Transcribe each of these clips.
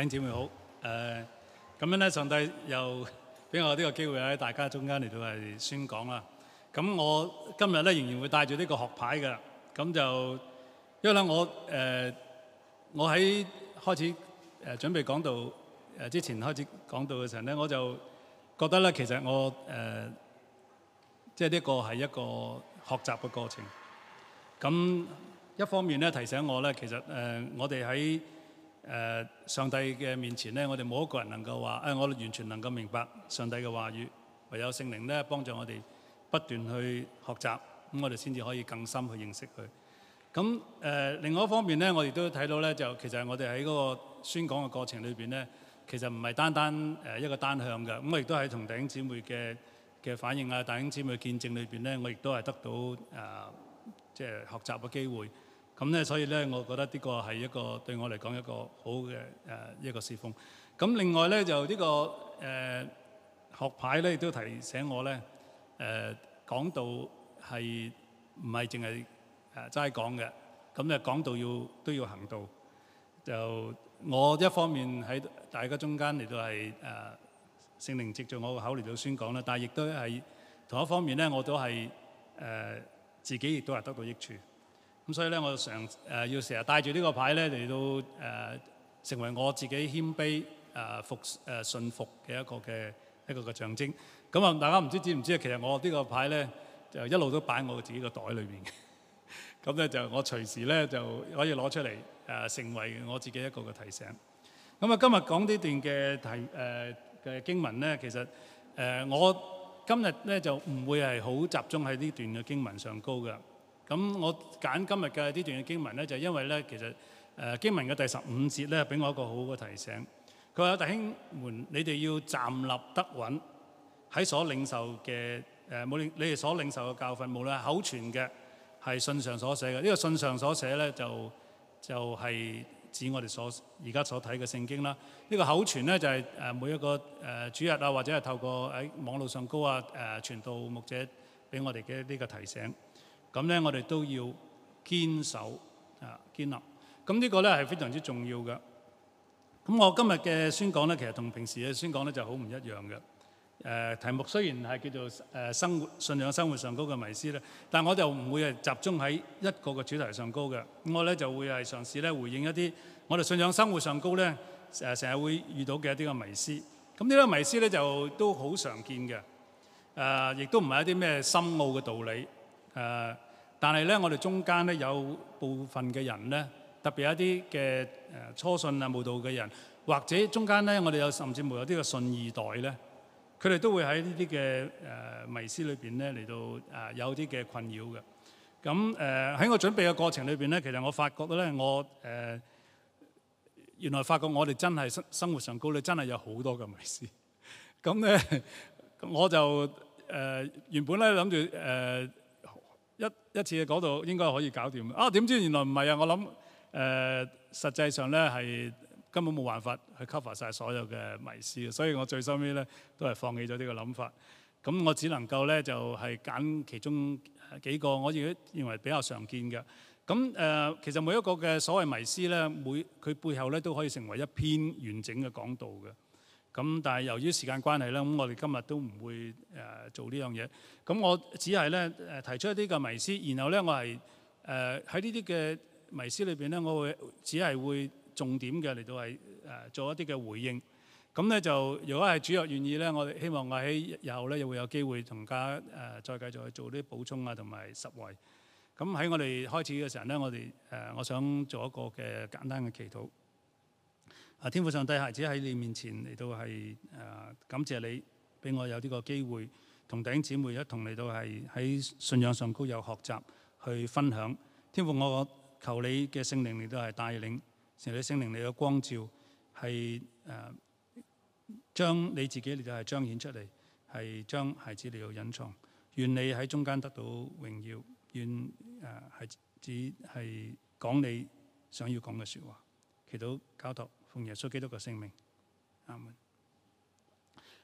弟兄姊妹好，誒、呃、咁樣咧，上帝又俾我呢個機會喺大家中間嚟到係宣講啦。咁我今日咧仍然會帶住呢個學牌嘅，咁就因為咧我誒、呃、我喺開始誒準備講道誒之前開始講道嘅時候咧，我就覺得咧其實我誒即係呢個係一個學習嘅過程。咁一方面咧提醒我咧，其實誒、呃、我哋喺誒、呃、上帝嘅面前咧，我哋冇一個人能夠話誒、哎，我完全能夠明白上帝嘅話語。唯有聖靈咧幫助我哋不斷去學習，咁我哋先至可以更深去認識佢。咁誒、呃、另外一方面咧，我亦都睇到咧，就其實我哋喺嗰個宣講嘅過程裏邊咧，其實唔係單單誒一個單向嘅。咁我亦都喺同弟兄姊妹嘅嘅反應啊、弟兄姊妹見證裏邊咧，我亦都係得到誒即係學習嘅機會。咁咧，所以咧，我覺得呢個係一個對我嚟講一,一個好嘅誒、呃、一個事奉。咁另外咧，就、這個呃、呢個誒學派咧，亦都提醒我咧，誒講道係唔係淨係齋講嘅，咁咧講道要都要行道，就我一方面喺大家中間嚟到係誒聖靈藉住我個口嚟到宣講啦，但係亦都係同一方面咧，我都係誒、呃、自己亦都係得到益處。所以咧，我常誒要成日帶住呢個牌咧嚟到誒，成為我自己謙卑誒服誒信服嘅一個嘅一個嘅象徵。咁啊，大家唔知知唔知啊？其實我呢個牌咧，就一路都擺我自己個袋裏邊嘅。咁咧就我隨時咧就可以攞出嚟誒，成為我自己一個嘅提醒。咁啊，今日講呢段嘅題誒嘅經文咧，其實誒我今日咧就唔會係好集中喺呢段嘅經文上高嘅。咁我揀今日嘅呢段嘅經文咧，就係、因為咧，其實誒、呃、經文嘅第十五節咧，俾我一個好好嘅提醒。佢話：弟兄們，你哋要站立得穩，喺所領受嘅誒，無、呃、論你哋所領受嘅教訓，無論係口傳嘅，係信上所寫嘅。呢、呢個信上所寫咧，就就係、係、指我哋所而家所睇嘅聖經啦。呢、呢個口傳咧，就係、係、誒每一個誒、呃、主日啊，或者係透過喺網路上高啊誒、呃、傳道牧者俾我哋嘅呢個提醒。咁咧，我哋都要堅守啊，堅立。咁呢個咧係非常之重要嘅。咁我今日嘅宣講咧，其實同平時嘅宣講咧就好唔一樣嘅。誒題目雖然係叫做誒生活信仰生活上高嘅迷思咧，但我就唔會係集中喺一個個主題上高嘅。我咧就會係嘗試咧回應一啲我哋信仰生活上高咧誒成日會遇到嘅一啲嘅迷思。咁呢啲迷思咧就都好常見嘅。誒，亦都唔係一啲咩深奧嘅道理。誒、呃，但係咧，我哋中間咧有部分嘅人咧，特別有一啲嘅誒初信啊、慕道嘅人，或者中間咧，我哋有甚至乎有啲嘅信二代咧，佢哋都會喺呢啲嘅誒迷思裏邊咧嚟到誒、呃、有啲嘅困擾嘅。咁誒喺我準備嘅過程裏邊咧，其實我發覺到咧，我誒、呃、原來發覺我哋真係生生活上高咧，真係有好多嘅迷思。咁咧，我就誒、呃、原本咧諗住誒。一次嘅講道應該可以搞掂。啊，點知原來唔係啊！我諗誒、呃，實際上咧係根本冇辦法去 cover 晒所有嘅迷思嘅，所以我最收尾咧都係放棄咗呢個諗法。咁我只能夠咧就係、是、揀其中幾個我認認為比較常見嘅。咁誒、呃，其實每一個嘅所謂迷思咧，每佢背後咧都可以成為一篇完整嘅講道嘅。咁但係由於時間關係咧，咁我哋今日都唔會誒、呃、做呢樣嘢。咁我只係咧誒提出一啲嘅迷思，然後咧我係誒喺呢啲嘅迷思裏邊咧，我會只係會重點嘅嚟到係誒、呃、做一啲嘅回應。咁咧就如果係主要願意咧，我哋希望我喺日後咧又會有機會同大家誒、呃、再繼續去做啲補充啊，同埋實惠。咁喺我哋開始嘅時候咧，我哋誒、呃、我想做一個嘅簡單嘅祈禱。啊！天父上帝，孩子喺你面前嚟到係誒感謝你，俾我有呢個機會同弟兄姊妹一同嚟到係喺信仰上高有學習去分享。天父，我求你嘅聖靈，你都係帶領，求你聖靈，你嘅光照係誒將你自己嚟到係彰顯出嚟，係將孩子嚟到隱藏。願你喺中間得到榮耀，願誒孩子係講你想要講嘅説話，祈禱交託。奉耶穌基督嘅聖名，阿門。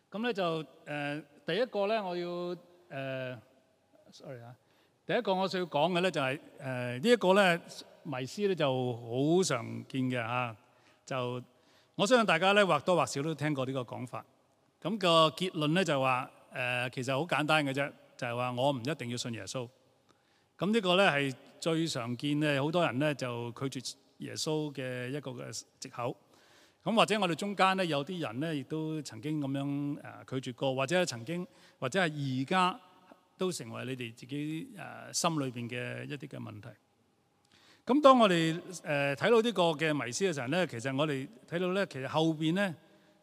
咁咧就誒第一個咧，我要誒，sorry 啊，第一個我需要講嘅咧就係誒呢一個咧迷思咧就好常見嘅嚇。就我相信大家咧或多或少都聽過呢個講法。咁個結論咧就係話誒其實好簡單嘅啫，就係話我唔一定要信耶穌。咁呢個咧係最常見嘅，好多人咧就拒絕耶穌嘅一個嘅藉口。咁或者我哋中間咧有啲人咧，亦都曾經咁樣誒拒絕過，或者曾經，或者係而家都成為你哋自己誒、呃、心裏邊嘅一啲嘅問題。咁當我哋誒睇到呢個嘅迷思嘅時候咧，其實我哋睇到咧，其實後邊咧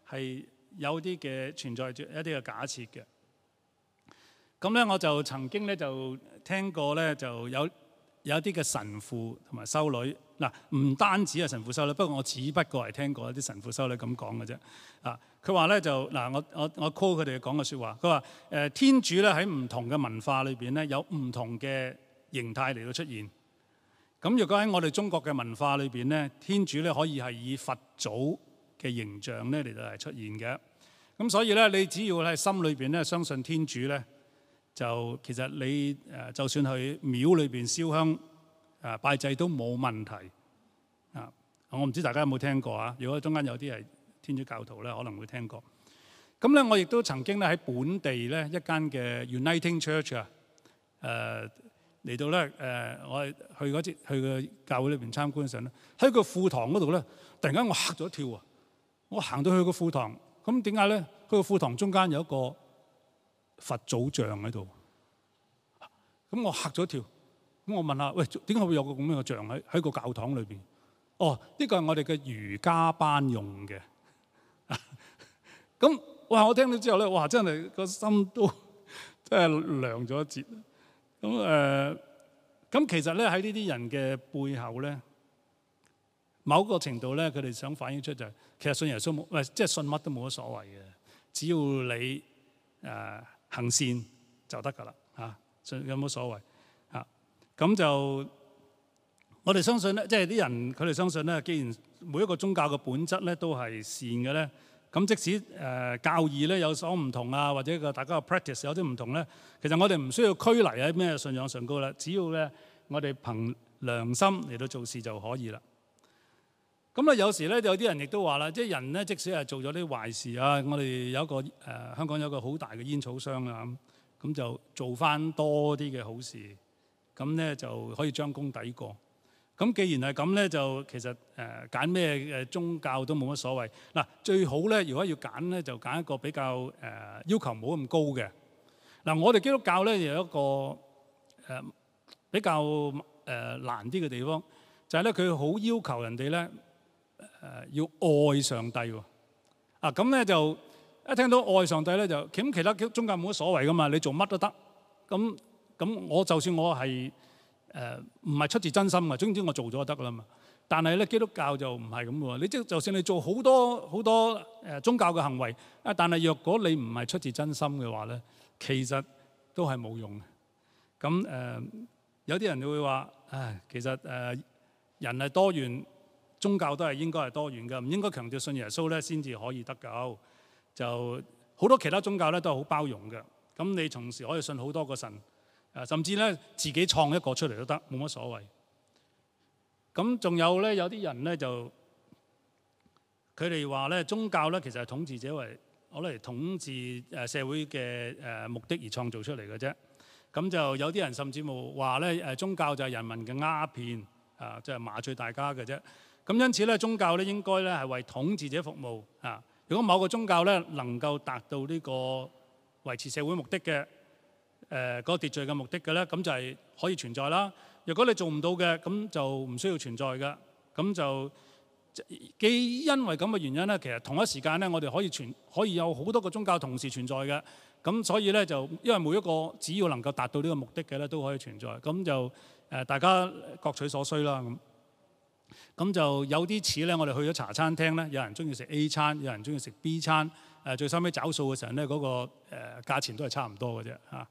係有啲嘅存在住一啲嘅假設嘅。咁咧我就曾經咧就聽過咧就有。有啲嘅神父同埋修女，嗱唔單止係神父修女，不過我只不過係聽過一啲神父修女咁講嘅啫。啊，佢話咧就嗱、啊，我我我 call 佢哋講嘅説話，佢話誒天主咧喺唔同嘅文化裏邊咧有唔同嘅形態嚟到出現。咁如果喺我哋中國嘅文化裏邊咧，天主咧可以係以佛祖嘅形象咧嚟到係出現嘅。咁所以咧，你只要喺心裏邊咧相信天主咧，就其實你誒，就算去廟裏邊燒香誒、啊、拜祭都冇問題啊！我唔知大家有冇聽過啊？如果中間有啲係天主教徒咧，可能會聽過。咁咧，我亦都曾經咧喺本地咧一間嘅 Uniting Church 啊誒嚟到咧誒、啊，我係去嗰節去個教會裏邊參觀上咧，喺個庫堂嗰度咧，突然間我嚇咗一跳啊！我行到去個庫堂，咁點解咧？佢個庫堂中間有一個佛祖像喺度，咁我嚇咗一跳，咁我問下，喂點解會有個咁樣嘅像喺喺個教堂裏邊？哦，呢個係我哋嘅瑜伽班用嘅。咁 哇，我聽到之後咧，哇，真係個心都即係涼咗一截。咁誒，咁、呃、其實咧喺呢啲人嘅背後咧，某個程度咧，佢哋想反映出就係、是，其實信耶穌冇，唔係即係信乜都冇乜所謂嘅，只要你誒。呃行善就得㗎啦，嚇、啊，信有冇所謂嚇？咁、啊、就我哋相信咧，即係啲人佢哋相信咧，既然每一個宗教嘅本質咧都係善嘅咧，咁即使誒、呃、教義咧有所唔同啊，或者個大家嘅 practice 有啲唔同咧，其實我哋唔需要拘泥喺咩信仰上高啦，只要咧我哋憑良心嚟到做事就可以啦。咁咧有時咧就有啲人亦都話啦，即係人咧即使係做咗啲壞事啊，我哋有一個誒、呃、香港有一個好大嘅煙草商啊，咁咁就做翻多啲嘅好事，咁咧就可以將功抵過。咁既然係咁咧，就其實誒揀咩誒宗教都冇乜所謂。嗱，最好咧，如果要揀咧，就揀一個比較誒、呃、要求冇咁高嘅。嗱、呃、我哋基督教咧有一個誒、呃、比較誒、呃、難啲嘅地方，就係咧佢好要求人哋咧。誒，要愛上帝喎、啊，啊咁咧就一聽到愛上帝咧就，咁其他宗教冇乜所謂噶嘛，你做乜都得，咁咁我就算我係誒唔係出自真心嘅，總之我做咗就得噶啦嘛。但係咧基督教就唔係咁嘅，你即就算你做好多好多誒宗教嘅行為，啊但係若果你唔係出自真心嘅話咧，其實都係冇用嘅。咁誒、呃、有啲人會話，唉，其實誒、呃、人係多元。宗教都係應該係多元噶，唔應該強調信耶穌咧先至可以得救噶。就好多其他宗教咧都係好包容嘅，咁你同時可以信好多個神，誒、啊、甚至咧自己創一個出嚟都得，冇乜所謂。咁仲有咧，有啲人咧就佢哋話咧，宗教咧其實係統治者為攞嚟統治誒社會嘅誒目的而創造出嚟嘅啫。咁就有啲人甚至冇話咧誒，宗教就係人民嘅鴉片，啊即係麻醉大家嘅啫。咁因此咧，宗教咧應該咧係為統治者服務啊！如果某個宗教咧能夠達到呢個維持社會目的嘅誒嗰個秩序嘅目的嘅咧，咁就係可以存在啦。如果你做唔到嘅，咁就唔需要存在嘅。咁就既因為咁嘅原因咧，其實同一時間咧，我哋可以存可以有好多個宗教同時存在嘅。咁所以咧，就因為每一個只要能夠達到呢個目的嘅咧，都可以存在。咁就、呃、大家各取所需啦咁。咁就有啲似咧，我哋去咗茶餐廳咧，有人中意食 A 餐，有人中意食 B 餐。誒，最收尾找數嘅時候咧，嗰、那個誒價、呃、錢都係差唔多嘅啫。嚇、啊，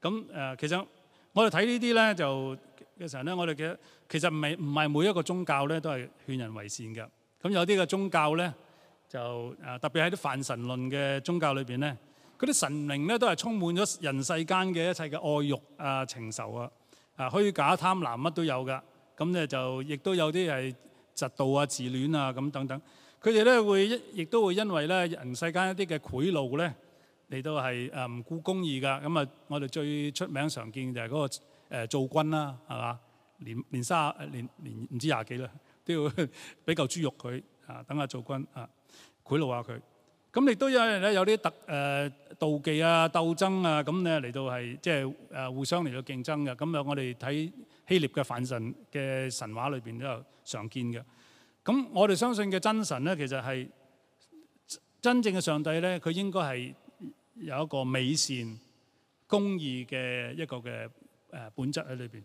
咁誒、呃，其實我哋睇呢啲咧，就嘅時候咧，我哋嘅其實唔係唔係每一個宗教咧都係勸人為善嘅。咁有啲嘅宗教咧，就誒、啊、特別喺啲泛神論嘅宗教裏邊咧，嗰啲神明咧都係充滿咗人世間嘅一切嘅愛欲啊、情仇啊、啊虛假貪婪乜都有㗎。咁咧就亦都有啲係嫉妒啊、自戀啊咁等等，佢哋咧會亦都會因為咧人世間一啲嘅賄賂咧，嚟到係誒唔顧公義噶。咁啊，我哋最出名常見就係嗰個誒做軍啦，係嘛，年年卅年年唔知廿幾啦，都要俾嚿豬肉佢啊，等下做軍啊，賄賂下佢。咁亦都有人咧有啲特誒妒忌啊、鬥爭啊，咁咧嚟到係即係誒互相嚟到競爭嘅。咁啊，我哋睇。希臘嘅反神嘅神話裏邊都有常見嘅，咁我哋相信嘅真神咧，其實係真正嘅上帝咧，佢應該係有一個美善、公義嘅一個嘅誒本質喺裏邊。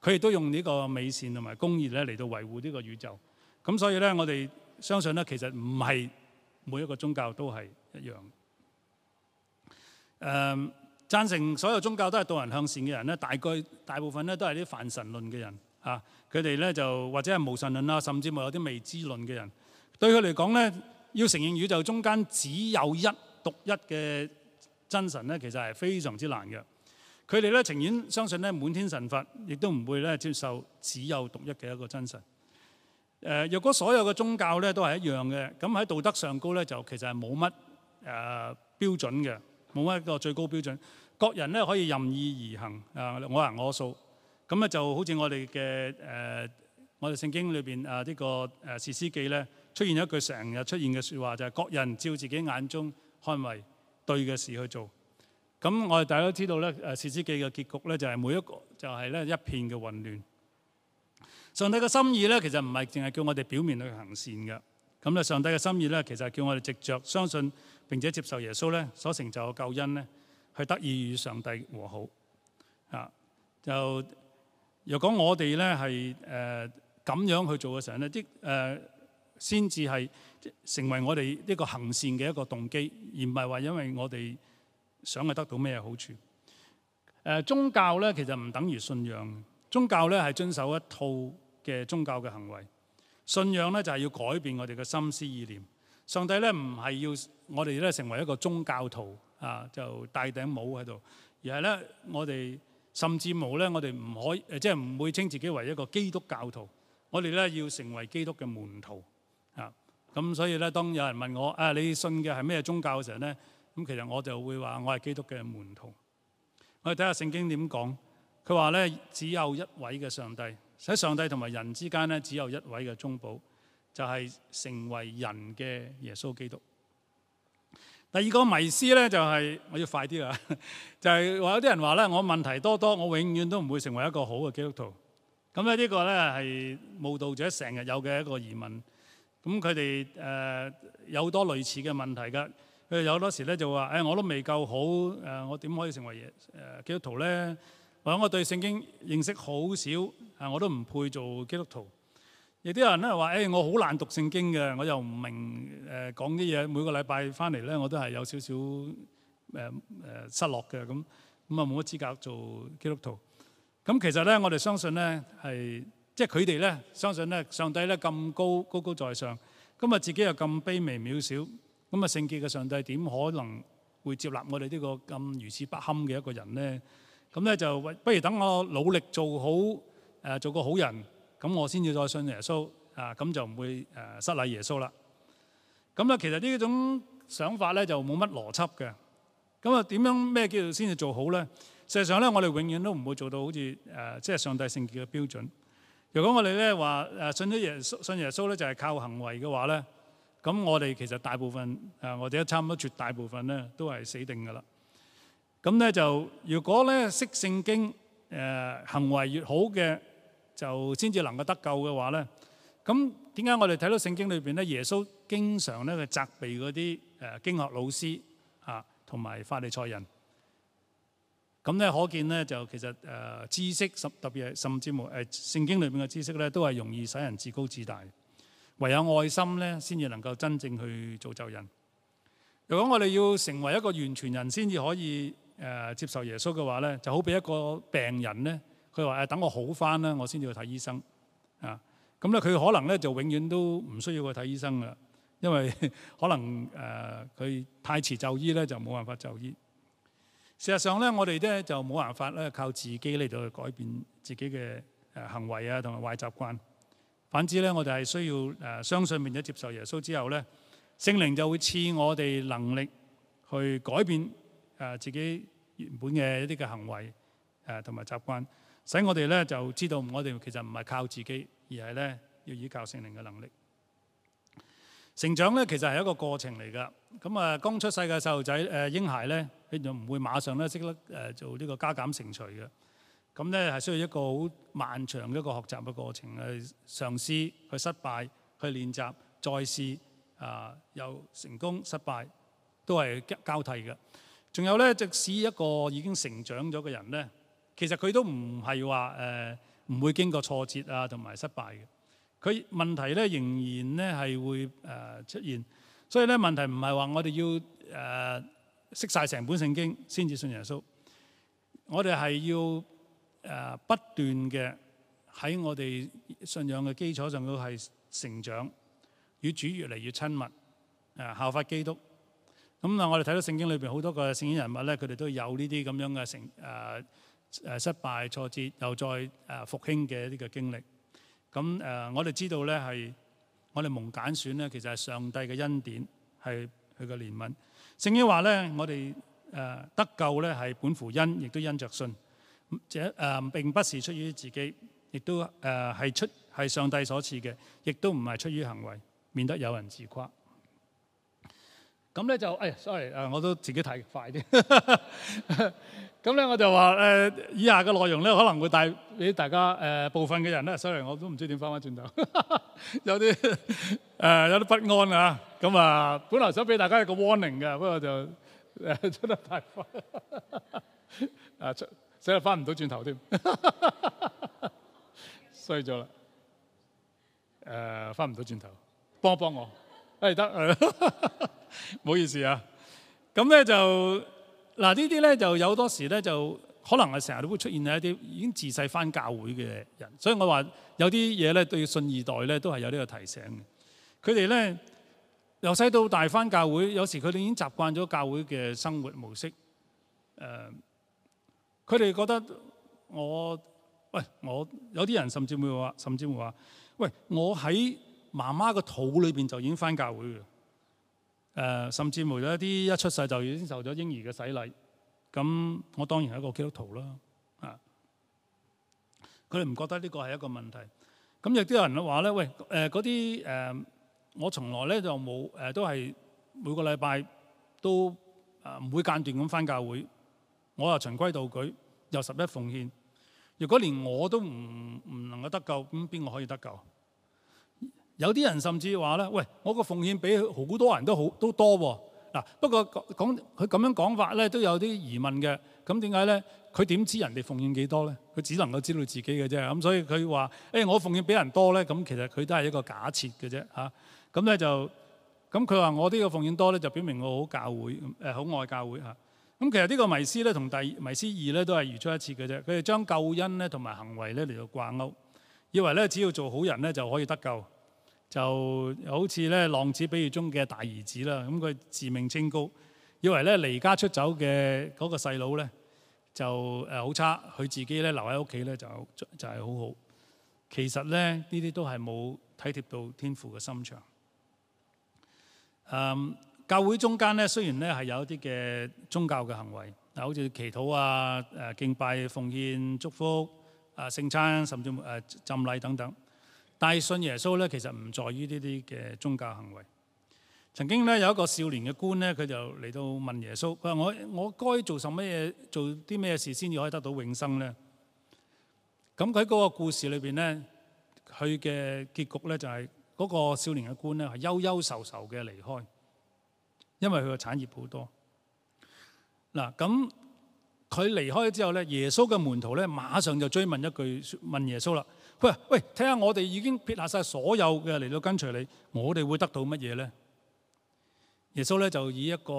佢亦都用呢個美善同埋公義咧嚟到維護呢個宇宙。咁所以咧，我哋相信咧，其實唔係每一個宗教都係一樣。嗯。贊成所有宗教都係導人向善嘅人咧，大概大部分咧都係啲泛神論嘅人，啊，佢哋咧就或者係無神論啊，甚至乎有啲未知論嘅人，對佢嚟講咧，要承認宇宙中間只有一獨一嘅真神咧，其實係非常之難嘅。佢哋咧情願相信咧滿天神佛，亦都唔會咧接受只有獨一嘅一個真神。誒、呃，若果所有嘅宗教咧都係一樣嘅，咁喺道德上高咧就其實係冇乜誒標準嘅，冇乜一個最高標準。各人咧可以任意而行，啊，我行我素。咁咧就好似我哋嘅誒，我哋聖經裏邊啊呢個誒士師記咧出現一句成日出現嘅説話，就係各人照自己眼中看為對嘅事去做。咁我哋大家都知道咧，誒士師記嘅結局咧就係每一個就係咧一片嘅混亂。上帝嘅心意咧其實唔係淨係叫我哋表面去行善嘅，咁啊上帝嘅心意咧其實係叫我哋藉著相信並且接受耶穌咧所成就嘅救恩咧。去得以與上帝和好啊！就如果我哋咧係誒咁樣去做嘅時候呢，即誒先至係成為我哋一個行善嘅一個動機，而唔係話因為我哋想係得到咩好處。誒、呃、宗教咧其實唔等於信仰，宗教咧係遵守一套嘅宗教嘅行為。信仰咧就係、是、要改變我哋嘅心思意念。上帝咧唔係要我哋咧成為一個宗教徒。啊，就戴頂帽喺度。而係咧，我哋甚至冇咧，我哋唔可以即係唔會稱自己為一個基督教徒。我哋咧要成為基督嘅門徒啊。咁所以咧，當有人問我啊，你信嘅係咩宗教嘅時候咧，咁其實我就會話我係基督嘅門徒。我哋睇下聖經點講，佢話咧，只有一位嘅上帝。喺上帝同埋人之間咧，只有一位嘅中保，就係成為人嘅耶穌基督。第二個迷思咧就係我要快啲啦，就係話有啲人話咧，我問題多多，我永遠都唔會成為一個好嘅基督徒。咁咧呢個咧係慕道者成日有嘅一個疑問。咁佢哋有多類似嘅問題㗎？佢哋有多時咧就話，誒我都未夠好，我點可以成為基督徒咧？或者我對聖經認識好少，我都唔配做基督徒。亦都有人咧話，誒，我好難讀聖經嘅，我又唔明誒講啲嘢。每個禮拜翻嚟咧，我都係有少少誒誒失落嘅咁。咁啊，冇乜資格做基督徒。咁其實咧，我哋相信咧係，即係佢哋咧相信咧，上帝咧咁高高高在上，咁啊自己又咁卑微渺小，咁啊聖潔嘅上帝點可能會接納我哋呢個咁如此不堪嘅一個人咧？咁咧就不如等我努力做好誒，做個好人。咁我先至再信耶穌，啊咁就唔會誒失禮耶穌啦。咁咧其實呢一種想法咧就冇乜邏輯嘅。咁啊點樣咩叫做先至做好咧？事實上咧，我哋永遠都唔會做到好似誒即係上帝聖潔嘅標準。如果我哋咧話誒信咗耶信耶穌咧就係靠行為嘅話咧，咁我哋其實大部分誒我哋都差唔多絕大部分咧都係死定噶啦。咁咧就如果咧識聖經誒行為越好嘅，就先至能夠得救嘅話呢，咁點解我哋睇到聖經裏邊咧，耶穌經常咧佢責備嗰啲誒經學老師啊，同埋法利賽人？咁、啊、咧可見咧就其實誒、呃、知識甚特別係甚至乎誒聖經裏邊嘅知識咧，都係容易使人自高自大。唯有愛心咧，先至能夠真正去做就人。如果我哋要成為一個完全人，先至可以誒、呃、接受耶穌嘅話咧，就好比一個病人咧。佢話誒，等我好翻啦，我先至去睇醫生啊。咁咧，佢可能咧就永遠都唔需要去睇醫生嘅，因為可能誒佢、啊、太遲就醫咧，就冇辦法就醫。事實上咧，我哋咧就冇辦法咧靠自己嚟到去改變自己嘅誒行為啊，同埋壞習慣。反之咧，我哋係需要誒相信並且接受耶穌之後咧，聖靈就會賜我哋能力去改變誒自己原本嘅一啲嘅行為誒同埋習慣。使我哋咧就知道，我哋其實唔係靠自己，而係咧要依靠聖靈嘅能力。成長咧其實係一個過程嚟㗎。咁啊，剛出世嘅細路仔、誒嬰孩咧，佢就唔會馬上咧識得誒做呢個加減乘除嘅。咁咧係需要一個好漫長嘅一個學習嘅過程，去嘗試、去失敗、去練習、再試啊，又成功、失敗，都係交替嘅。仲有咧，即使一個已經成長咗嘅人咧，其實佢都唔係話誒唔會經過挫折啊，同埋失敗嘅。佢問題咧仍然咧係會誒、呃、出現，所以咧問題唔係話我哋要誒、呃、識晒成本聖經先至信耶穌。我哋係要誒、呃、不斷嘅喺我哋信仰嘅基礎上，都係成長與主越嚟越親密誒、呃，效法基督。咁啊，我哋睇到聖經裏邊好多個聖經人物咧，佢哋都有呢啲咁樣嘅成誒。呃誒失敗挫折又再誒復興嘅呢個經歷，咁誒、呃、我哋知道咧係我哋蒙揀選呢，其實係上帝嘅恩典，係佢嘅憐憫。聖經話咧，我哋誒、呃、得救咧係本乎恩，亦都因着信。這誒、呃、並不是出於自己，亦都誒係、呃、出係上帝所賜嘅，亦都唔係出於行為，免得有人自誇。咁咧就，哎呀，sorry，誒，我都自己睇，快啲。咁咧我就話誒，以下嘅內容咧可能會帶俾大家誒，部分嘅人咧，sorry，我都唔知點翻返轉頭，有啲誒有啲不安啊。咁啊，本來想俾大家一個 warning 嘅，不過就出得太快，啊出，所以翻唔到轉頭添，衰咗啦，誒，翻唔到轉頭，幫幫我，係得。唔好意思啊，咁咧就嗱，呢啲咧就有多時咧就可能係成日都會出現喺一啲已經自細翻教會嘅人，所以我話有啲嘢咧對信二代咧都係有呢個提醒嘅。佢哋咧由細到大翻教會，有時佢哋已經習慣咗教會嘅生活模式。誒、呃，佢哋覺得我喂，我有啲人甚至會話，甚至會話喂，我喺媽媽個肚裏邊就已經翻教會嘅。誒，甚至乎有一啲一出世就已經受咗嬰兒嘅洗禮，咁我當然係一個基督徒啦。啊，佢哋唔覺得呢個係一個問題。咁亦都有人話咧，喂，誒嗰啲誒，我從來咧就冇誒，都係每個禮拜都誒唔會間斷咁翻教會，我又循規蹈矩，又十一奉獻。如果連我都唔唔能夠得救，咁邊個可以得救？有啲人甚至話咧，喂，我個奉獻比好多人都好都多喎。嗱，不過講佢咁樣講法咧，都有啲疑問嘅。咁點解咧？佢點知人哋奉獻幾多咧？佢只能夠知道自己嘅啫。咁所以佢話，誒、哎，我奉獻比人多咧，咁其實佢都係一個假設嘅啫。嚇，咁咧就咁佢話我呢個奉獻多咧，就表明我好教會，誒、呃、好愛教會嚇。咁其實呢個迷思咧，同第迷思二咧都係如出一轍嘅啫。佢哋將救恩咧同埋行為咧嚟到掛鈎，以為咧只要做好人咧就可以得救。就好似咧浪子比喻中嘅大兒子啦，咁佢自命清高，以為咧離家出走嘅嗰個細佬咧就誒好差，佢自己咧留喺屋企咧就就係好好。其實咧呢啲都係冇體貼到天父嘅心腸。誒，教會中間咧雖然咧係有一啲嘅宗教嘅行為，嗱好似祈禱啊、誒敬拜、奉獻、祝福、啊聖餐，甚至誒浸禮等等。但係信耶穌咧，其實唔在於呢啲嘅宗教行為。曾經咧有一個少年嘅官咧，佢就嚟到問耶穌，佢話我我該做什麼嘢，做啲咩事先至可以得到永生咧？咁佢喺嗰個故事裏邊咧，佢嘅結局咧就係嗰個少年嘅官咧係憂憂愁愁嘅離開，因為佢嘅產業好多。嗱，咁佢離開之後咧，耶穌嘅門徒咧馬上就追問一句問耶穌啦。喂喂，睇下我哋已經撇下晒所有嘅嚟到跟隨你，我哋會得到乜嘢咧？耶穌咧就以一個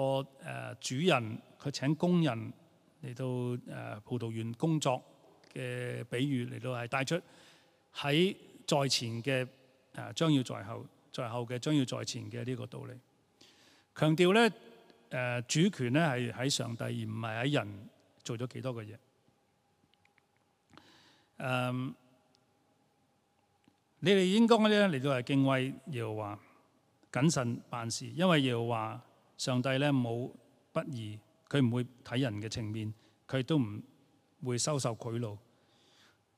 誒主人去請工人嚟到誒葡萄園工作嘅比喻嚟到係帶出喺在，在前嘅誒將要在後，在後嘅將要在前嘅呢個道理，強調咧誒主權咧係喺上帝而唔係喺人做咗幾多嘅嘢。嗯。你哋應該嗰咧嚟到係敬畏耶和華，謹慎辦事，因為耶和華上帝咧冇不義，佢唔會睇人嘅情面，佢都唔會收受賄賂。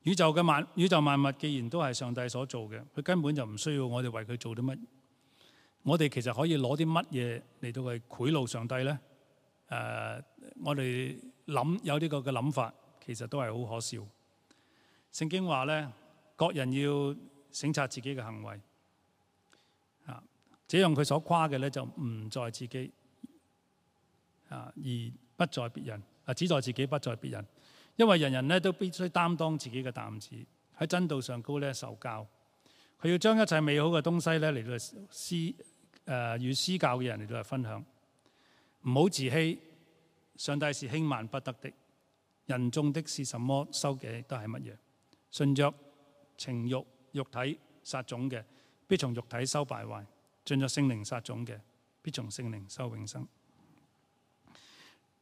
宇宙嘅萬宇宙萬物既然都係上帝所做嘅，佢根本就唔需要我哋為佢做啲乜。我哋其實可以攞啲乜嘢嚟到去賄賂上帝咧？誒、呃，我哋諗有呢個嘅諗法，其實都係好可笑。聖經話咧，各人要省察自己嘅行為啊，這樣佢所誇嘅咧就唔在自己啊，而不在別人啊，只在自己不在別人，因為人人呢都必須擔當自己嘅擔子，喺真道上高咧受教，佢要將一切美好嘅東西咧嚟到嚟施誒與施教嘅人嚟到分享，唔好自欺，上帝是輕慢不得的，人種的是什麼，收嘅都係乜嘢？順着情慾。肉體撒種嘅，必從肉體收敗壞；進入聖靈撒種嘅，必從聖靈收永生。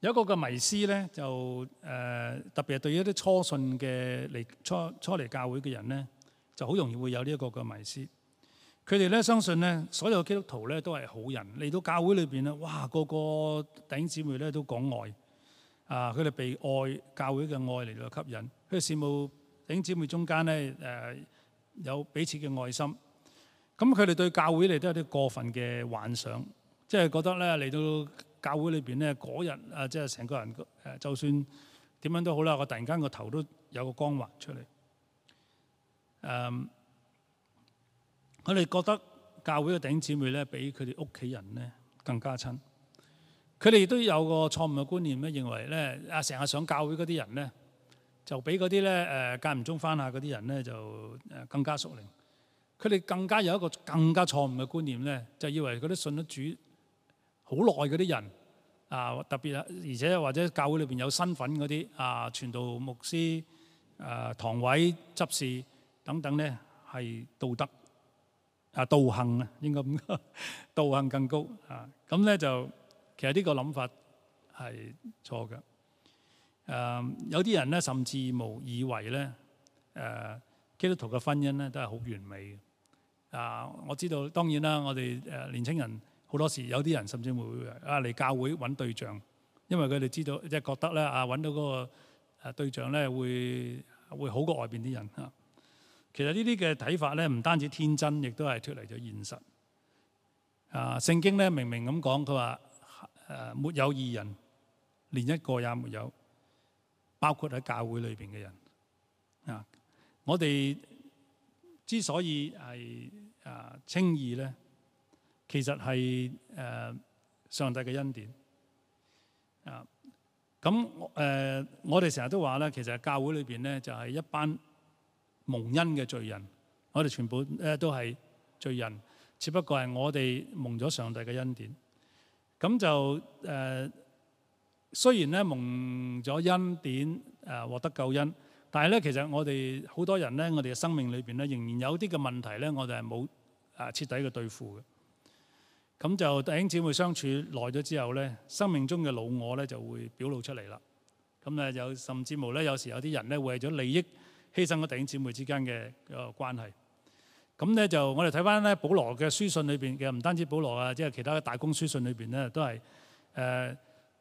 有一個嘅迷思咧，就誒特別係對於一啲初信嘅嚟初初嚟教會嘅人咧，就好容易會有呢一個嘅迷思。佢哋咧相信咧，所有基督徒咧都係好人，嚟到教會裏邊咧，哇個個弟兄姊妹咧都講愛，啊佢哋被愛教會嘅愛嚟到吸引。佢哋羨慕弟兄姊妹中間咧誒，有彼此嘅愛心，咁佢哋對教會嚟都有啲過分嘅幻想，即係覺得咧嚟到教會裏邊咧，嗰日啊，即係成個人誒，就算點樣都好啦，我突然間個頭都有個光環出嚟。誒、嗯，佢哋覺得教會嘅頂姊妹咧，比佢哋屋企人咧更加親。佢哋亦都有個錯誤嘅觀念咧，認為咧啊，成日上教會嗰啲人咧。就俾嗰啲咧，誒間唔中返下嗰啲人咧就誒，更加熟練，佢哋更加有一個更加錯誤嘅觀念咧，就以為嗰啲信咗主好耐嗰啲人啊，特別啊，而且又或者教會裏邊有身份嗰啲啊，傳道牧師啊，堂委執事等等咧，係道德啊，道行啊，應該咁道行更高啊，咁咧就其實呢個諗法係錯嘅。誒有啲人咧，甚至無以為咧。誒基督徒嘅婚姻咧，都係好完美嘅。啊，我知道當然啦，我哋誒年青人好多時有啲人甚至會啊嚟教會揾對象，因為佢哋知道即係覺得咧啊揾到嗰個誒對象咧會會好過外邊啲人啊。其實呢啲嘅睇法咧，唔單止天真，亦都係脫離咗現實。啊，聖經咧明明咁講，佢話誒沒有義人，連一個也沒有。包括喺教會裏邊嘅人啊，我哋之所以係啊稱義咧，其實係誒上帝嘅恩典啊。咁誒，我哋成日都話咧，其實教會裏邊咧就係一班蒙恩嘅罪人，我哋全部咧都係罪人，只不過係我哋蒙咗上帝嘅恩典，咁就誒。呃雖然咧蒙咗恩典，誒獲得救恩，但係咧其實我哋好多人咧，我哋嘅生命裏邊咧，仍然有啲嘅問題咧，我哋係冇誒徹底嘅對付嘅。咁就弟兄姊妹相處耐咗之後咧，生命中嘅老我咧就會表露出嚟啦。咁誒有甚至無咧，有時有啲人咧為咗利益犧牲個弟兄姊妹之間嘅個關係。咁咧就我哋睇翻咧，保羅嘅書信裏邊嘅唔單止保羅啊，即係其他嘅大公書信裏邊咧，都係誒。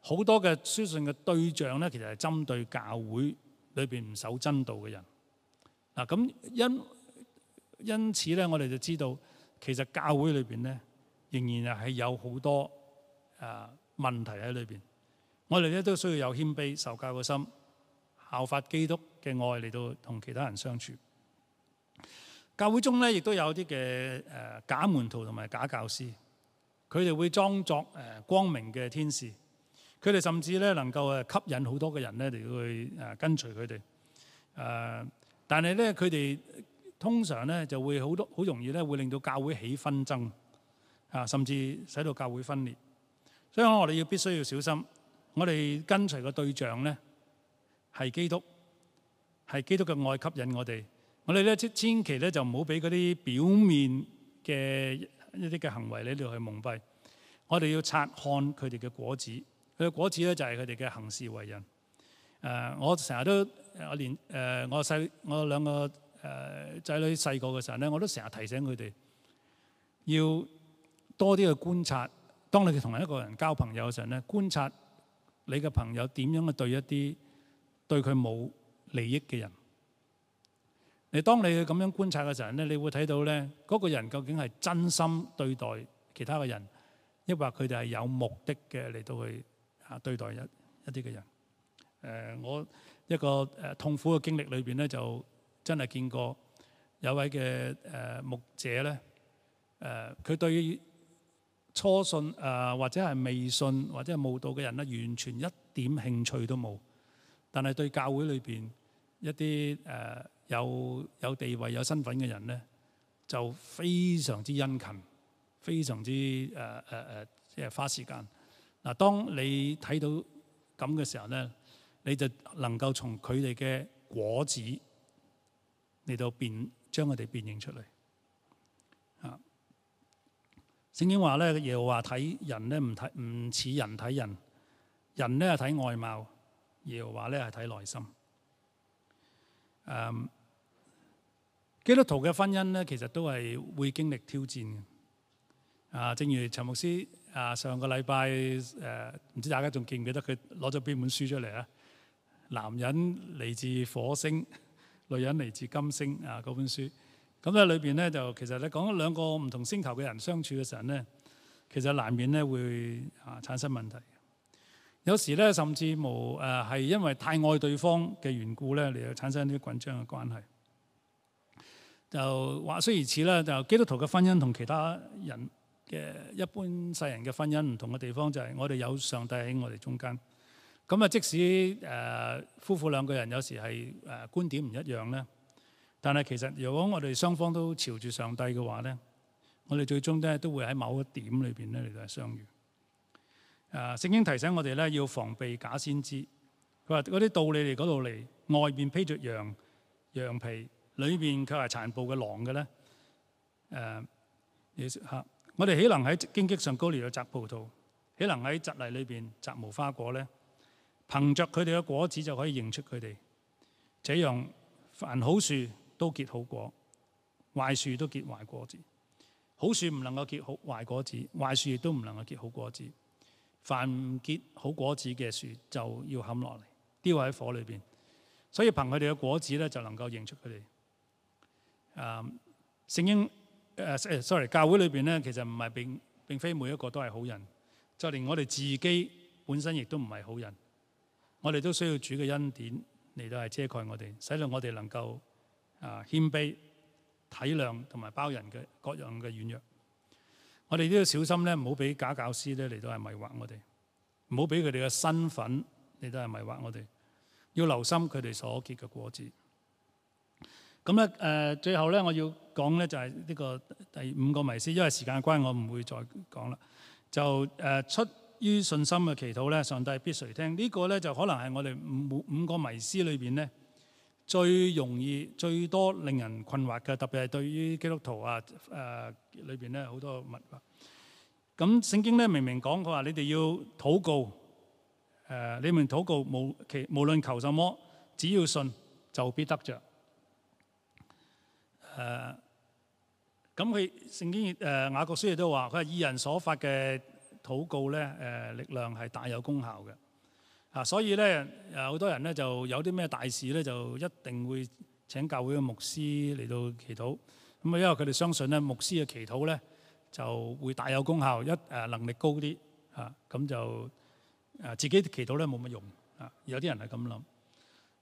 好多嘅書信嘅對象咧，其實係針對教會裏邊唔守真道嘅人嗱。咁因因此咧，我哋就知道其實教會裏邊咧仍然係有好多啊、呃、問題喺裏邊。我哋咧都需要有謙卑受教嘅心，效法基督嘅愛嚟到同其他人相處。教會中咧亦都有啲嘅誒假門徒同埋假教師，佢哋會裝作誒光明嘅天使。佢哋甚至咧能夠誒吸引好多嘅人咧嚟去誒跟隨佢哋誒，但係咧佢哋通常咧就會好多好容易咧會令到教會起紛爭啊，甚至使到教會分裂。所以，我哋要必須要小心。我哋跟隨嘅對象咧係基督，係基督嘅愛吸引我哋。我哋咧千千祈咧就唔好俾嗰啲表面嘅一啲嘅行為咧嚟去蒙蔽。我哋要察看佢哋嘅果子。佢果子咧就係佢哋嘅行事為人。誒，我成日都我連誒，我細我兩個誒仔女細個嘅時候咧，我都成日提醒佢哋要多啲去觀察。當你哋同一個人交朋友嘅時候咧，觀察你嘅朋友點樣去對一啲對佢冇利益嘅人。你當你去咁樣觀察嘅時候咧，你會睇到咧嗰個人究竟係真心對待其他嘅人，抑或佢哋係有目的嘅嚟到去。啊，對待一一啲嘅人，誒、呃，我一個誒痛苦嘅經歷裏邊咧，就真係見過有一位嘅誒牧者咧，誒、呃，佢對初信啊、呃、或者係未信或者係無道嘅人呢，完全一點興趣都冇，但係對教會裏邊一啲誒、呃、有有地位有身份嘅人咧，就非常之殷勤，非常之誒誒誒，即、呃、係、呃就是、花時間。嗱，當你睇到咁嘅時候咧，你就能夠從佢哋嘅果子嚟到辨將佢哋辨認出嚟。啊，聖經話咧，耶和華睇人咧唔睇唔似人睇人，人咧係睇外貌，耶和華咧係睇內心。誒，基督徒嘅婚姻咧其實都係會經歷挑戰嘅。啊，正如陳牧師。啊，上個禮拜誒，唔知大家仲記唔記得佢攞咗邊本書出嚟啊？男人嚟自火星，女人嚟自金星啊，嗰本書。咁喺裏邊咧就其實咧講咗兩個唔同星球嘅人相處嘅時候咧，其實難免咧會啊產生問題。有時咧甚至無誒係因為太愛對方嘅緣故咧，嚟到產生啲緊張嘅關係。就話雖如此咧，就基督徒嘅婚姻同其他人嘅一般世人嘅婚姻唔同嘅地方就係我哋有上帝喺我哋中間，咁啊即使誒夫婦兩個人有時係誒觀點唔一樣咧，但係其實如果我哋雙方都朝住上帝嘅話咧，我哋最終咧都會喺某一點裏邊咧嚟到係相遇。誒聖經提醒我哋咧要防備假先知，佢話嗰啲到你哋嗰度嚟，外邊披著羊羊皮，裏邊佢係殘暴嘅狼嘅咧。誒，你食嚇？我哋豈能喺荊棘上高枝去摘葡萄？豈能喺蒺藜裏邊摘無花果咧？憑着佢哋嘅果子就可以認出佢哋。這樣凡好樹都結好果，壞樹都結壞果子。好樹唔能夠結好壞果子，壞樹亦都唔能夠結好果子。凡唔結好果子嘅樹就要冚落嚟，丟喺火裏邊。所以憑佢哋嘅果子咧，就能夠認出佢哋。啊、uh,，聖經。誒誒，sorry，教會裏邊咧，其實唔係並並非每一個都係好人，就連我哋自己本身亦都唔係好人，我哋都需要主嘅恩典嚟到係遮蓋我哋，使到我哋能夠啊謙卑、體諒同埋包人嘅各樣嘅軟弱。我哋都要小心咧，唔好俾假教師咧嚟到係迷惑我哋，唔好俾佢哋嘅身份嚟到係迷惑我哋，要留心佢哋所結嘅果子。咁咧誒，最後咧我要講咧就係呢個第五個迷思，因為時間關係我唔會再講啦。就誒出於信心嘅祈禱咧，上帝必垂聽。呢個咧就可能係我哋五五個迷思裏邊咧最容易、最多令人困惑嘅，特別係對於基督徒啊誒裏邊咧好多嘅問法。咁聖經咧明明講佢話：你哋要禱告，誒你們禱告無其無論求什麼，只要信就必得着。」誒咁佢聖經誒雅各書亦都話，佢係義人所發嘅禱告咧誒力量係大有功效嘅啊！所以咧誒好多人咧就有啲咩大事咧就一定會請教會嘅牧師嚟到祈禱。咁啊，因為佢哋相信咧牧師嘅祈禱咧就會大有功效。一誒能力高啲啊，咁就誒自己嘅祈禱咧冇乜用啊！有啲人係咁諗。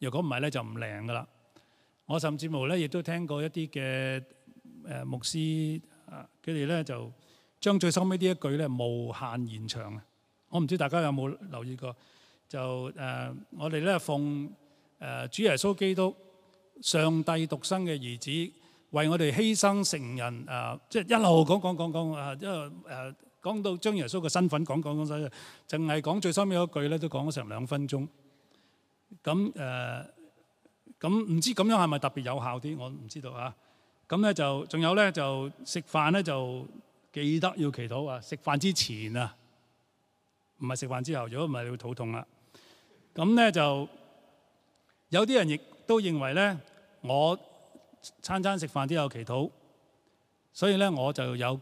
若果唔係咧，就唔靚噶啦。我甚至乎咧，亦都聽過一啲嘅誒牧師啊，佢哋咧就將最收尾咧一句咧無限延長啊！我唔知大家有冇留意過？就誒，我哋咧奉誒主耶穌基督上帝獨生嘅兒子，為我哋犧牲成人啊！即係一路講講講講啊，因為誒講到將耶穌嘅身份講講講曬，淨係講最收尾嗰句咧，都講咗成兩分鐘。咁誒，咁唔知咁樣係咪特別有效啲？我唔知道啊。咁咧就，仲有咧就食飯咧就記得要祈禱啊！食飯之前啊，唔係食飯之後，如果唔係會肚痛啦、啊。咁咧就，有啲人亦都認為咧，我餐餐食飯都有祈禱，所以咧我就有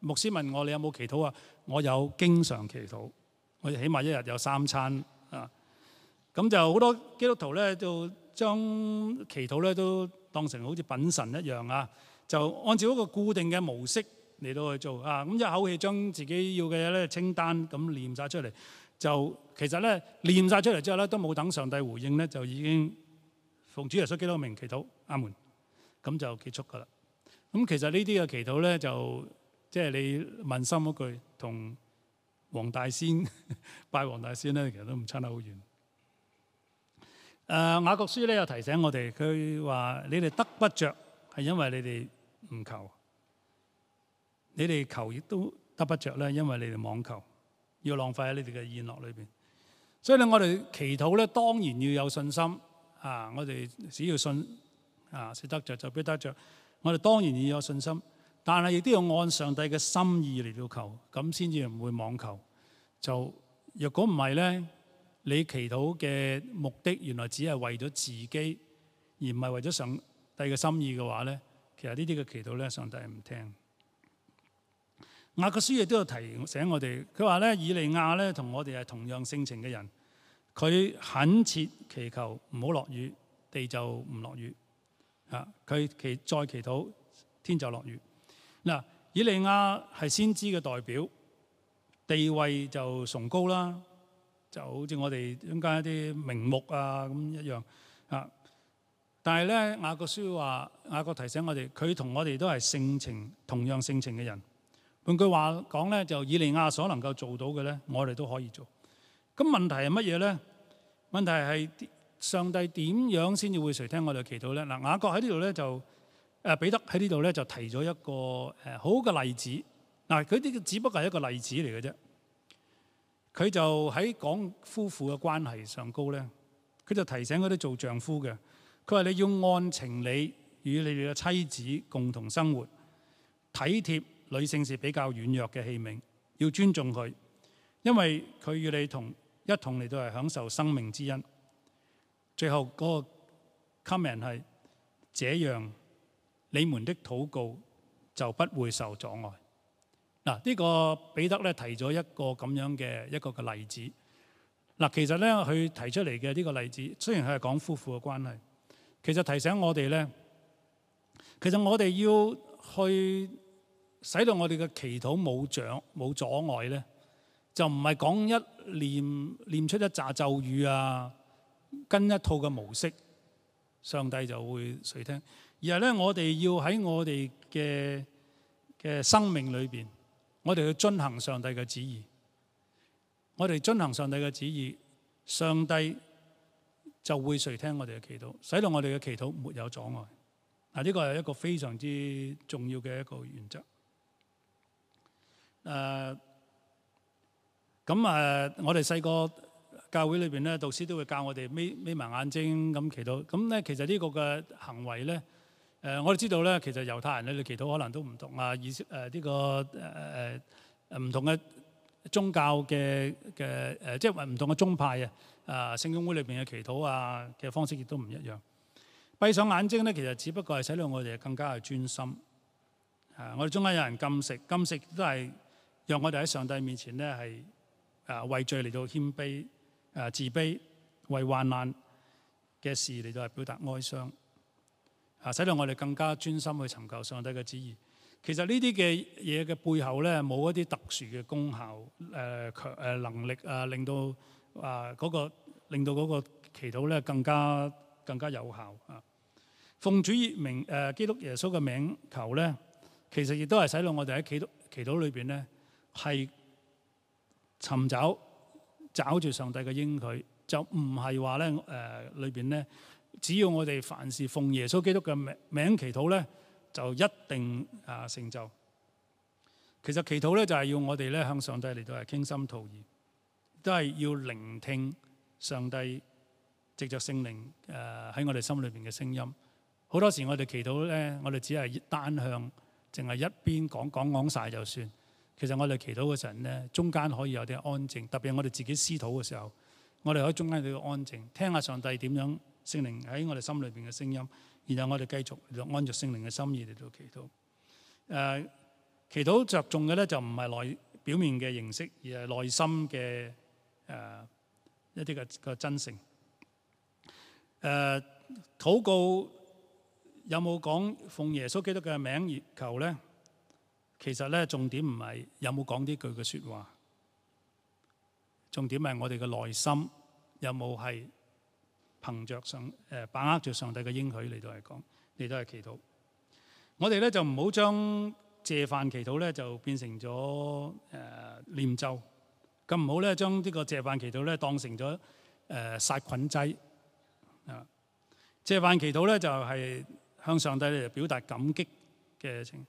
牧師問我你有冇祈禱啊？我有經常祈禱，我起碼一日有三餐。咁就好多基督徒咧，就將祈禱咧都當成好似品神一樣啊，就按照嗰個固定嘅模式嚟到去做啊，咁一口氣將自己要嘅嘢咧清單咁唸晒出嚟，就其實咧唸晒出嚟之後咧，都冇等上帝回應咧，就已經奉主耶穌基督名祈禱，阿門，咁就結束㗎喇。咁其實呢啲嘅祈禱咧，就即係、就是、你問心一句，同黃大仙拜黃大仙咧，其實都唔差得好遠。誒、uh, 雅各書咧又提醒我哋，佢話：你哋得不着係因為你哋唔求；你哋求亦都得不着咧，因為你哋妄求，要浪費喺你哋嘅宴樂裏邊。所以咧，我哋祈禱咧，當然要有信心啊！我哋只要信啊，實得着就必得着。我哋當然要有信心，但係亦都要按上帝嘅心意嚟到求，咁先至唔會妄求。就若果唔係咧，你祈禱嘅目的原來只係為咗自己，而唔係為咗上帝嘅心意嘅話咧，其實呢啲嘅祈禱咧，上帝係唔聽。雅各書亦都有提醒我哋，佢話咧，以利亞咧同我哋係同樣性情嘅人，佢懇切祈求唔好落雨，地就唔落雨。啊，佢祈再祈禱，天就落雨。嗱，以利亞係先知嘅代表，地位就崇高啦。就好似我哋中間一啲名目啊咁一樣啊，但係咧，雅各書話雅各提醒我哋，佢同我哋都係性情同樣性情嘅人。換句話講咧，就以利亞所能夠做到嘅咧，我哋都可以做。咁問題係乜嘢咧？問題係上帝點樣先至會垂聽我哋嘅祈禱咧？嗱，雅各喺呢度咧就誒彼得喺呢度咧就提咗一個誒好嘅例子。嗱，佢呢個只不過係一個例子嚟嘅啫。佢就喺講夫婦嘅關係上高咧，佢就提醒嗰啲做丈夫嘅，佢話你要按情理與你哋嘅妻子共同生活，體貼女性是比較軟弱嘅器皿，要尊重佢，因為佢與你同一同嚟到係享受生命之恩。最後嗰個 comment 係這樣，你們的禱告就不會受阻礙。嗱，呢個彼得咧提咗一個咁樣嘅一個嘅例子。嗱，其實咧佢提出嚟嘅呢個例子，雖然佢係講夫婦嘅關係，其實提醒我哋咧，其實我哋要去使到我哋嘅祈禱冇障冇阻礙咧，就唔係講一念念出一詐咒語啊，跟一套嘅模式，上帝就會垂聽。而係咧，我哋要喺我哋嘅嘅生命裏邊。我哋要遵行上帝嘅旨意，我哋遵行上帝嘅旨意，上帝就會垂聽我哋嘅祈禱，使到我哋嘅祈禱沒有阻礙。嗱，呢個係一個非常之重要嘅一個原則。誒，咁誒，我哋細個教會裏邊咧，導師都會教我哋眯眯埋眼睛咁祈禱。咁咧，其實呢個嘅行為咧。誒、呃，我哋知道咧，其實猶太人咧，佢祈禱可能都唔同啊，意思呢個誒誒誒唔同嘅宗教嘅嘅誒，即係唔同嘅宗派啊，啊，聖公會裏邊嘅祈禱啊嘅方式亦都唔一樣。閉上眼睛咧，其實只不過係使到我哋更加係專心啊、呃！我哋中間有人禁食，禁食都係讓我哋喺上帝面前咧係啊，為罪嚟到謙卑啊、呃，自卑為患難嘅事嚟到係表達哀傷。啊！使到我哋更加專心去尋求上帝嘅旨意。其實呢啲嘅嘢嘅背後咧，冇一啲特殊嘅功效、誒、呃、強、誒能力啊，令到啊嗰個、那個令到嗰個祈禱咧更加更加有效啊！奉主名誒，基督耶穌嘅名求咧，其實亦都係使到我哋喺祈禱祈禱裏邊咧，係尋找找住上帝嘅應許，就唔係話咧誒裏邊咧。呃只要我哋凡事奉耶穌基督嘅名名祈禱咧，就一定啊成就。其實祈禱咧就係要我哋咧向上帝嚟到係傾心吐意，都係要聆聽上帝藉著聖靈誒喺我哋心裏邊嘅聲音。好多時我哋祈禱咧，我哋只係單向，淨係一邊講講講曬就算。其實我哋祈禱嘅陣咧，中間可以有啲安靜，特別係我哋自己私禱嘅時候，我哋喺中間有啲安靜，聽下上帝點樣。聖靈喺我哋心裏邊嘅聲音，然後我哋繼續就按住聖靈嘅心意嚟到祈禱。誒，祈禱着重嘅咧就唔係內表面嘅形式，而係內心嘅誒一啲嘅嘅真誠。誒，禱告有冇講奉耶穌基督嘅名而求咧？其實咧重點唔係有冇講呢句嘅說話，重點係我哋嘅內心有冇係。憑着上誒、呃，把握住上帝嘅應許嚟到嚟講，你都係祈禱。我哋咧就唔好將謝飯祈禱咧就變成咗誒唸咒，咁唔好咧將呢個謝飯祈禱咧當成咗誒、呃、殺菌劑啊！謝飯祈禱咧就係、是、向上帝咧表達感激嘅情。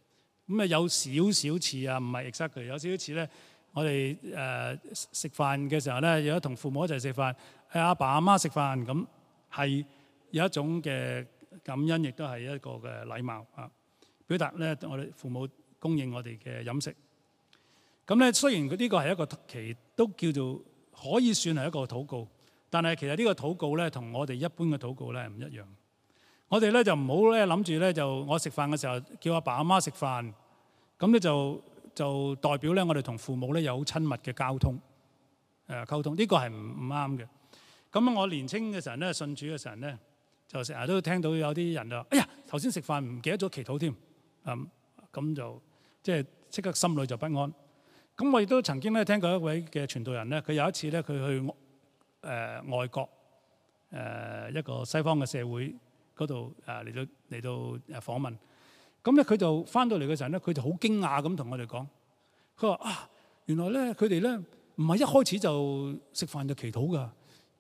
咁啊有少少似啊，唔係 exactly 有少少似咧，我哋誒、呃、食飯嘅時候咧，如果同父母一齊食飯，係阿爸阿媽食飯咁。係有一種嘅感恩，亦都係一個嘅禮貌啊！表達咧，我哋父母供應我哋嘅飲食。咁咧，雖然佢呢個係一個祈，都叫做可以算係一個禱告。但係其實這個呢個禱告咧，同我哋一般嘅禱告咧係唔一樣的。我哋咧就唔好咧諗住咧就我食飯嘅時候叫阿爸阿媽食飯，咁咧就就代表咧我哋同父母咧有好親密嘅交通誒溝通。呢、這個係唔唔啱嘅。咁我年青嘅時候咧，信主嘅時候咧，就成日都聽到有啲人就，哎呀，頭先食飯唔記得咗祈禱添，咁、嗯、咁就即係即刻心裏就不安。咁我亦都曾經咧聽過一位嘅傳道人咧，佢有一次咧佢去誒、呃、外國，誒、呃、一個西方嘅社會嗰度誒嚟到嚟到誒訪問。咁咧佢就翻到嚟嘅時候咧，佢就好驚訝咁同我哋講，佢話啊，原來咧佢哋咧唔係一開始就食飯就祈禱噶。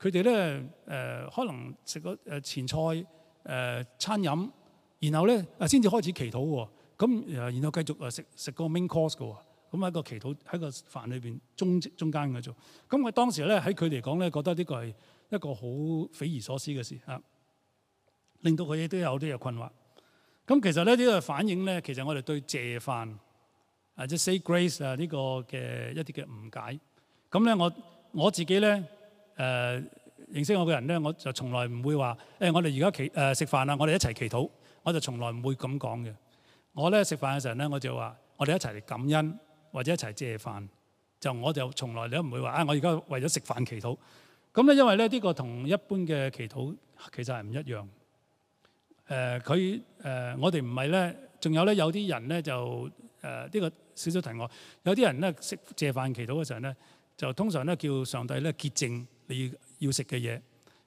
佢哋咧誒，可能食咗誒前菜誒、呃、餐飲，然後咧啊先至開始祈禱喎。咁然後繼續誒食食個 main course 嘅喎。咁喺個祈禱喺個飯裏邊中中間嘅啫。咁佢當時咧喺佢嚟講咧，覺得呢個係一個好匪夷所思嘅事嚇，令到佢哋都有啲嘅困惑。咁其實咧呢個反映咧，其實我哋對謝飯或者 say grace 啊呢個嘅一啲嘅誤解。咁咧我我自己咧。誒、呃、認識我嘅人咧，我就從來唔會話誒、哎，我哋而家祈誒食飯啊，我哋一齊祈禱，我就從來唔會咁講嘅。我咧食飯嘅時候咧，我就話我哋一齊嚟感恩，或者一齊謝飯。就我就從來都唔會話啊、哎，我而家為咗食飯祈禱。咁、嗯、咧，因為咧，呢、這個同一般嘅祈禱其實係唔一樣。誒、呃，佢誒、呃，我哋唔係咧。仲有咧，有啲人咧就誒，呢、呃這個少少題外，有啲人咧食謝飯祈禱嘅時候咧，就通常咧叫上帝咧潔淨。結你要食嘅嘢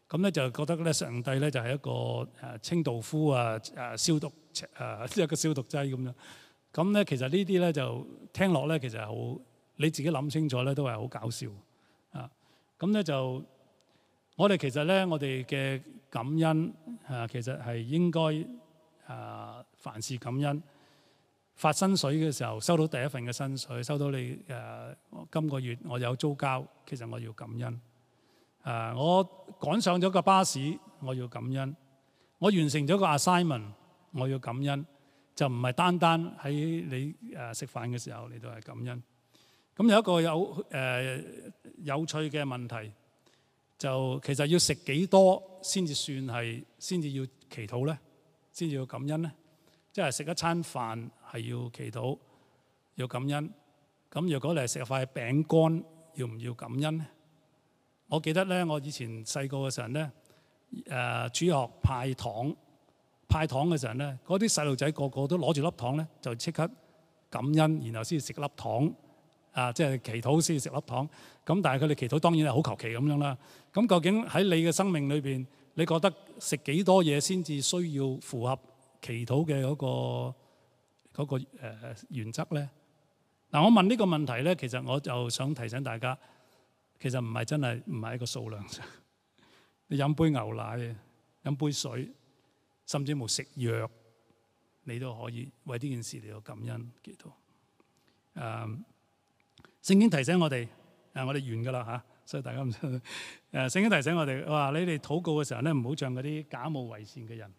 咁咧，就覺得咧，上帝咧就係一個誒清道夫啊！誒消毒啊，一個消毒劑咁樣咁咧。其實呢啲咧就聽落咧，其實好你自己諗清楚咧，都係好搞笑啊！咁咧就我哋其實咧，我哋嘅感恩啊，其實係應該啊，凡事感恩。發薪水嘅時候，收到第一份嘅薪水，收到你誒今個月我有租交，其實我要感恩。啊！我趕上咗個巴士，我要感恩；我完成咗個 assignment，我要感恩。就唔係單單喺你誒食飯嘅時候，你都係感恩。咁有一個有誒有趣嘅問題，就其實要食幾多先至算係，先至要祈禱咧，先至要感恩咧？即係食一餐飯係要祈禱、要感恩。咁如果你係食塊餅乾，要唔要感恩咧？我記得咧，我以前細個嘅時候咧，誒、呃、主學派糖派糖嘅時候咧，嗰啲細路仔個個都攞住粒糖咧，就即刻感恩，然後先食粒糖啊，即係祈禱先食粒糖。咁、呃就是、但係佢哋祈禱當然係好求其咁樣啦。咁究竟喺你嘅生命裏邊，你覺得食幾多嘢先至需要符合祈禱嘅嗰個嗰、那個、呃、原則咧？嗱，我問呢個問題咧，其實我就想提醒大家。其實唔係真係唔係一個數量啫。你飲杯牛奶，飲杯水，甚至乎食藥，你都可以為呢件事嚟到感恩祈禱。啊，聖經提醒我哋，啊我哋完噶啦吓，所以大家，誒聖經提醒我哋話你哋禱告嘅時候咧，唔好像嗰啲假冒為善嘅人。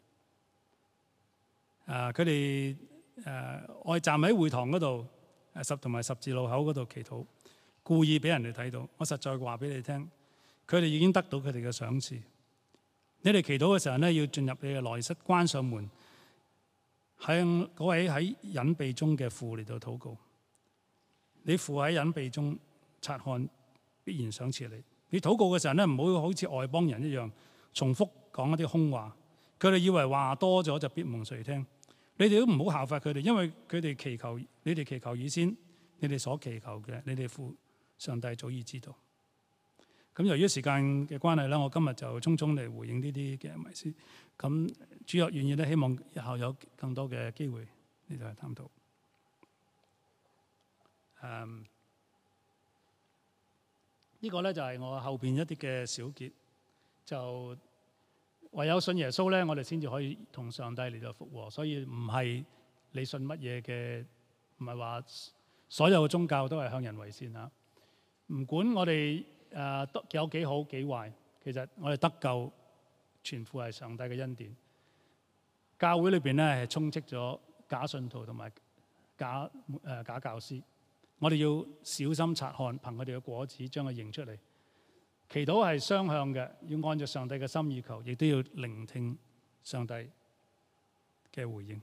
啊，佢哋誒愛站喺會堂嗰度，誒十同埋十字路口嗰度祈禱。故意俾人哋睇到，我實在話俾你聽，佢哋已經得到佢哋嘅賞賜。你哋祈禱嘅時候咧，要進入你嘅內室，關上門，向嗰位喺隱蔽中嘅父嚟到禱告。你父喺隱蔽中察看，必然賞賜你。你禱告嘅時候咧，唔好好似外邦人一樣重複講一啲空話。佢哋以為話多咗就必蒙垂聽。你哋都唔好效法佢哋，因為佢哋祈求，你哋祈求以先，你哋所祈求嘅，你哋父，上帝早已知道。咁由於時間嘅關係咧，我今日就匆匆嚟回應呢啲嘅迷思。咁主若願意咧，希望以後有更多嘅機會，呢就係探討。嗯，呢個咧就係我後邊一啲嘅小結。就唯有信耶穌咧，我哋先至可以同上帝嚟到復和。所以唔係你信乜嘢嘅，唔係話所有嘅宗教都係向人為善啊。唔管我哋誒有幾好幾壞，其實我哋得救全乎係上帝嘅恩典。教會裏邊呢係充斥咗假信徒同埋假誒假教師，我哋要小心察看，憑佢哋嘅果子將佢認出嚟。祈禱係雙向嘅，要按照上帝嘅心意求，亦都要聆聽上帝嘅回應。